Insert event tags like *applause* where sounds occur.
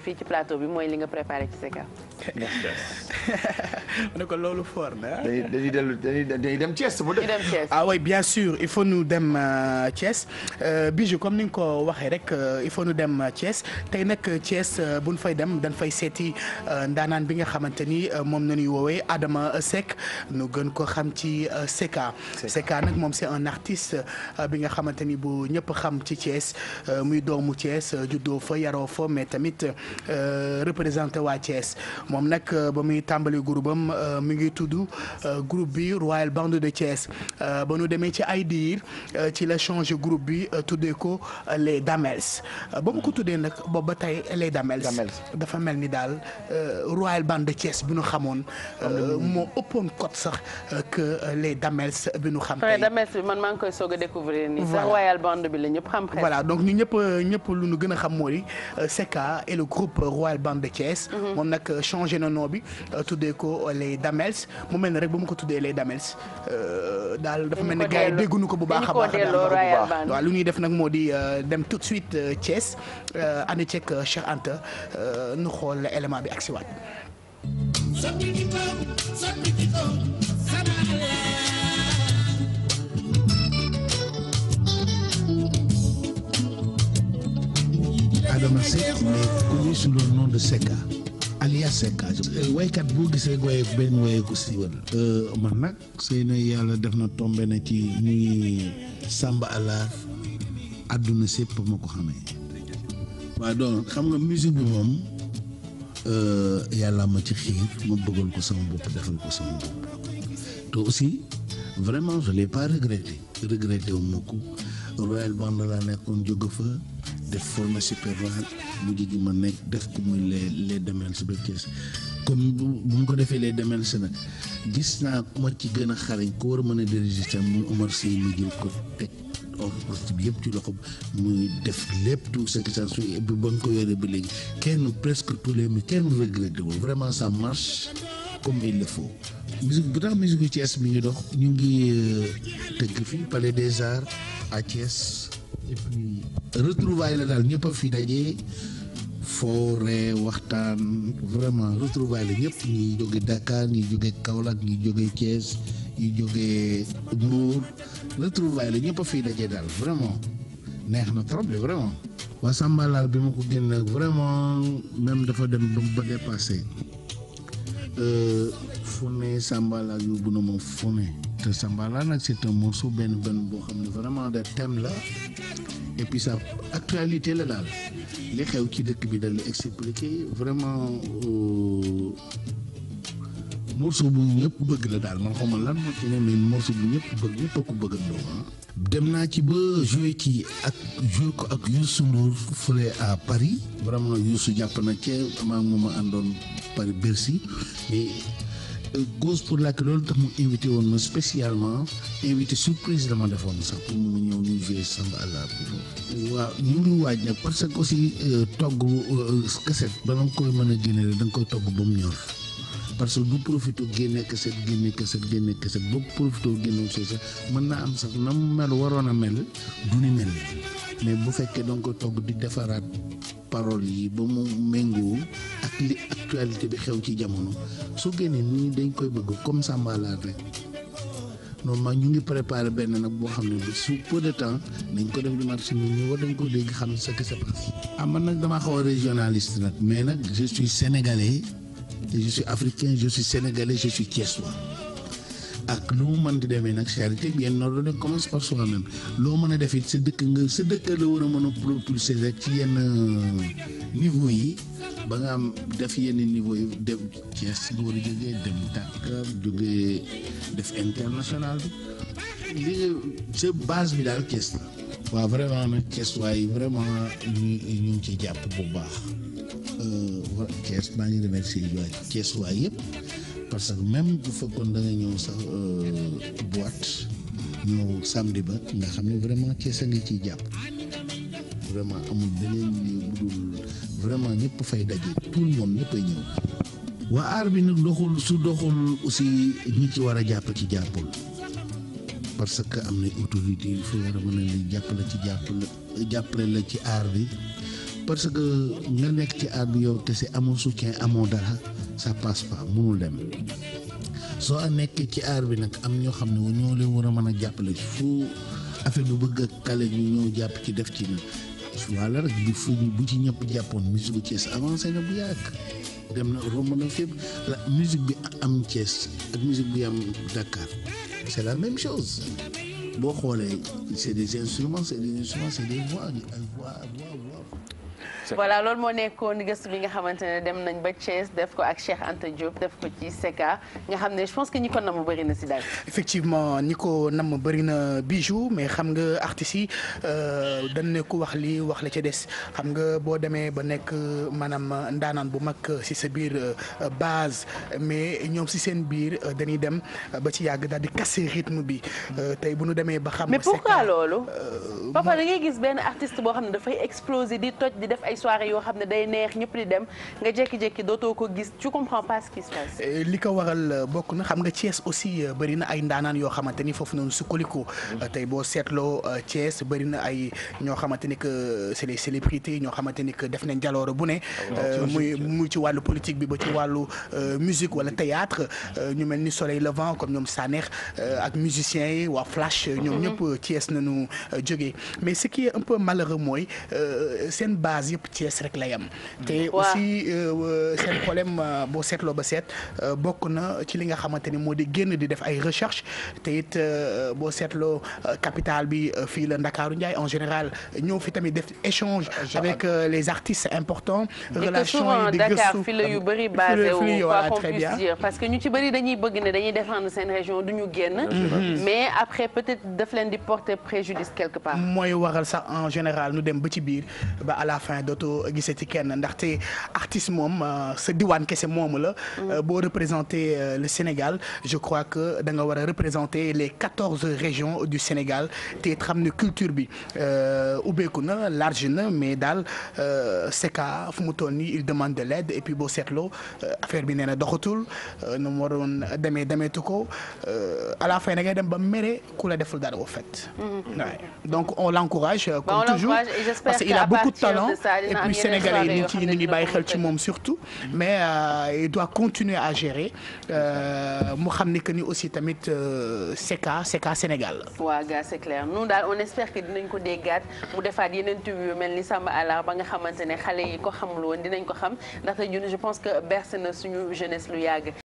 fii ci plateau bi mooy li nga préparé ci Secka *laughs* ma ne ko loolu fort na. dañuy dañuy dellu dañuy dem dem. dem Thiès ah oui euh, euh, comme ni nga ko waxee rek euh, il faut ñu dem Thiès tey nag Thiès bu ñu fay dem dañ fay seeti ndaanaan bi nga xamante ni moom na ñuy woowee aadama Seck ñu gën ko xam ci Secka. Secka nag moom c'est un artiste bi nga xamante ni bu ñëpp xam ci Thiès muy doomu Thiès juddoo fa yaroo fa mais tamit représenté waa Thiès. moom nag euh, ba muy tàmbali groupe am euh, mi ngi tudd euh, groupe bi Royal Band de Thiès ba nu demee ci ay diir ci la changer groupe bi tuddee ko les Damels ba mu ko tuddee nag boobu ba tey les Damels dafa mel ni daal Royal Band de Thiès bi nu xamoon moo ëppoon code sax que les Damels bi nu xam tey Damels man maa ngi koy soog a découvrir nii sax Royal Band bi la ñëpp xam voilà donc ñu ñëpp ñëpp lu nu gën a xam mooy Secka et le groupe Royal Band de Thiès mm-hmm. moom nag changé na nom bi euh, tuddee ko euh, les Damels mu mel ne rek bu mu ko tuddee le Damels euh, daal dafa mel ne gars yi ko bu baax a baax waaw lu ñuy def nag moo di dem tout de suite Thiès ànd ceeg Cheikh Anta nu xool élément bi ak si waat Alias Seck eh, waykat boo gisee goyeeku benn woyeeku siiwal eh, man nag sëy na yàlla def na tombe na ci ñuy sàmba alaar àdduna sépp ma ko xamee waaw xam nga musique bi moom eh, yàlla ma ci xiir ma bëggal ko sama bopp defal ko sama bopp te aussi vraiment je l'ai pas regretté regretté wu ko Royal Band laa nekkoon jóge fa def formation prévoir mujj gi ma nekk def ko muy les les domaines ba kees comme bu mu ko defee les si nag gis naa ku ma ci gën a xarañ ko war a mën a diriger tam muy Omar mu jël ko teg entreprise bi yëpp ci loxo mu def lépp tout ce qui s'ensuit suñu ba nga ko yoree ba léegi kenn presque tous les mi kenn regretté wul vraiment sa marche comme il le faut. musique bu tax musique ngi dox ñu ngi euh, tëgg fii Palais des Arts a Thiès. et retrouvaille la daal ñëpp a fi daje foore waxtaan vraiment retrouvaille la ñëpp ñi jóge Dakar ñi jóge Kaolack ñi jóge Thiès ñi jóge Mbour retrouvaille la ñëpp a fi daje daal vraiment neex na trop de vraiment. waa Samba bi ma ko génn vraiment même dafa dem ba dépassé euh, fu ne Samba laal na ma fu te Sambala nag c'est un morceau benn benn boo xam ne vraiment de thème la depuis puis sa actualité la daal li xew ci dëkk bi dal di expliquer vraiment euh, morceau bu ñëpp bëgg la daal man xaw ma lan moo ci ne mais bëgg ñëpp a ko bëggandoo ah. dem naa ci ba joué ci ak joué ko ak Youssou Ndour fële à Paris vraiment Youssou jàpp na ca maa ngi ma àndoon Paris Bercy mais. cause pour laquelle loolu tax mu invité woon ma spécialement invité surprise la defoon sax pour mu ñëw ñu jouer samba àlla bi waaw ñu ngi waaj nag parce que aussi euh, togg kaset euh, bala nga koy mën a génne rek da nga koy togg ba mu ñor parce que du profité génne kaset génne kaset génne kaset boo profité génne kaset mën naa am sax na mu mel waroon a mel du ni mel mais bu fekkee da koy togg di defaraat parole yi ba mu méngoo ak li actualité bi xew ci jamono su génnee nii dañ koy bëgg comme sàmbalaat rek normalement ñu ngi préparé benn nag boo xam ne bi su peu de temps dañ ko def di marché bi ñu dañ ko dégg xam ce qui se passe. Ah, man nag damaa xaw a régionaliste nag. mais nag je suis sénégalais je suis africain je suis sénégalais je suis ak lu mu man ti demee nag charité bien ordonnée commence par soi-même loo mën a def it sa dëkk nga sa dëkk la war a mën a propulser rek ci yenn euh, niveau yi ba nga am def yenn niveau yi dem si nga war a jógee dem Dakar jógee def international bi li sa base bi daal Thiès waa waaw vraiment nag Thiès waaye vraiment ñu ñu ngi ciy jàpp bu baax euh, Thiès maa ngi remercier Thiès waay yëpp. parce que même bu fekkoon da nga ñëw sax euh, boîte ñëw samedi ba nga xam ne vraiment kees a ngi ciy jàpp vraiment amul beneen lieu bu dul vraiment ñëpp fay daje tout le monde ñëppay ñëw waa aar bi nag doxul su doxul aussi ñi ci war a jàpp ci jàppul parce que am na autorité yu fi war a mën a leen jàppale ci jàppale jàppale la ci aar bi parce que nga nekk ci aar bi yow te si amoo soutien amoo dara ça passe pas mënul dem soo nekkee ci aar bi nag am ñoo xam ne ñoo leen war a mën a jàppale fu affaire bu bëgg a kale ñu jàpp ci def ci nag walla rek bu fu bu ci ñëpp jàppoon musique bu Thiès avancé na bu yàgg dem na romb na fépp la musique bi am Thiès ak musique bi am Dakar c'est la même chose boo xoolee c'est des instruments c'est des instruments c'est des voix ay voix voix voilà loolu moo ni gëstu bi nga xamante ne dem nañ ba Thiès def ko ak Cheikh Anta Diop def ko ci Secka nga xam ne je pense que ñi ko namm bëri na si daal. effectivement ñi ko namm bëri na bijou mais xam nga artistes yi euh, dañ ne ku wax li wax la ca des xam nga boo demee ba nekk euh, maanaam ndaanaan bu mag euh, si sa biir base mais ñoom si seen biir dañuy dem ba ci yàgg daal di casser rythme bi tey bu nu demee ba. xam mais pourquoi papa da gis benn artiste boo xam ne dafay exploser di toj di def ay. soirée yoo xam ne day neex ñëpp di dem nga jékki-jékki dootoo ko gis tu comprends pas ce qui se passe. li ko waral euh, bokk na xam nga Thiès aussi euh, bëri na ay ndaanaan yoo xamante ni foofu noonu sukkandiku. Euh, tey boo seetloo Thiès bëri na ay ñoo xamante ni que c'est les célébrités ñoo xamante ni que def nañ jalooro bu ne. Ah, muy muy ci wàllu politique bi ba ci wàllu musique wala théâtre ñu mel ni Soleil Levant kon ñoom Sanex ak musiciens yi waa Flash. ñoom mm-hmm. ñëpp Thiès nañu jógee mais ce qui est un peu malheureux mooy seen base lépp Thiès rek la yam te aussi euh, euh, seen problème euh, boo seetloo ba seet bokk na ci li nga xamante ni moo di génn di def ay recherche te it boo seetloo capital bi fii la Ndakaaru Ndiaye en général ñëw fi tamit def échange ah, avec les artistes importants relation yi di gëstu fi la yu bëri ba wu quoi qu'on puisse dire parce que ñu ci bëri dañuy bëgg ne dañuy défendre seen région du ñu génn mm-hmm. mais après peut-être def leen di porter préjudice quelque part mooy waral sax en général ñu dem ba ci biir dootoo gisee ci kenn ndaxte artiste moom euh, sa mm. euh, boo représenter euh, le Sénégal je crois que da nga war a représenter les quatorze régions du Sénégal te xam ne culture bi ubbeeku na large na mais daal CECA fu mu toll nii il demande de l'aide et puis boo seetloo affaire bi nee na doxatul nu mu waroon demee demeetu ko à la fin da ngay dem ba mere ku la deful dara au fait. Mm. donc on l'encourage comme toujours parce qu'il a beaucoup de talent. et puis yi ñu ngi ci ñu ngi bàyyi xel ci moom surtout mais euh, il doit continuer à gérer euh, mu xam ni que ni aussi tamit CECA euh, CECA Sénégal la. waaw gars c'est clair nous daal on espère que dinañ ko déggaat mu defaat yeneen tub yu mel ni Samba Alar ba nga xamante ne xale yi ko xamul woon dinañ ko xam ndaxte ñun je pense que bercé na suñu jeunesse lu yàgg.